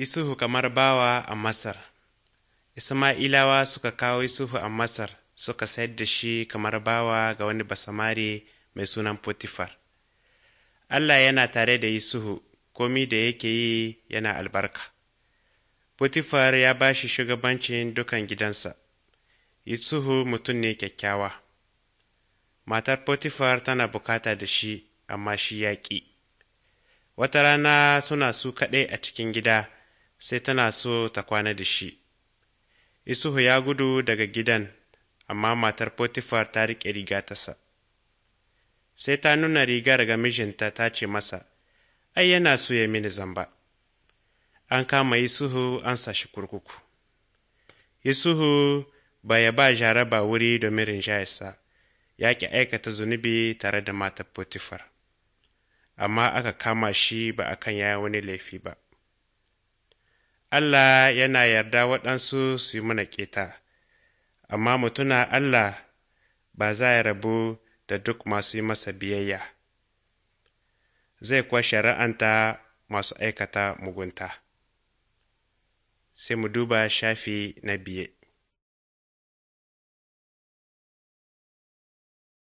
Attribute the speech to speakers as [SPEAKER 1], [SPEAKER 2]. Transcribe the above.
[SPEAKER 1] Yusufu kamar bawa a Masar Isma'ilawa suka kawo Yusufu a Masar suka sayar da shi kamar bawa ga wani basamari mai sunan Potifar. Allah yana tare da Yusufu, komi da yake yi yana albarka. Potifar ya ba shi shugabancin dukan gidansa. Yusufu mutum ne kyakkyawa. Matar Potifar tana bukata da shi, amma shi yaƙi. ƙi. Wata rana suna su kaɗai a cikin gida. sai tana so ta kwana da shi. Isuhu ya gudu daga gidan, amma matar Potifar ta riƙe riga tasa. Sai ta nuna rigar ga mijinta ta ce masa, Ai, yana so ya mini zamba. An kama Isuhu an sa kurkuku. Isuhu ba ya ba jaraba wuri domin rinjayarsa, ya ƙi aikata zunubi tare da matar Potifar, amma aka kama shi ba a kan yaya wani laifi ba. Allah yana yarda waɗansu su yi mana ƙeta, amma mutuna Allah ba za ya rabu da duk masu yi masa biyayya, zai kuwa shari'anta masu aikata mugunta. Sai mu duba shafi na biye.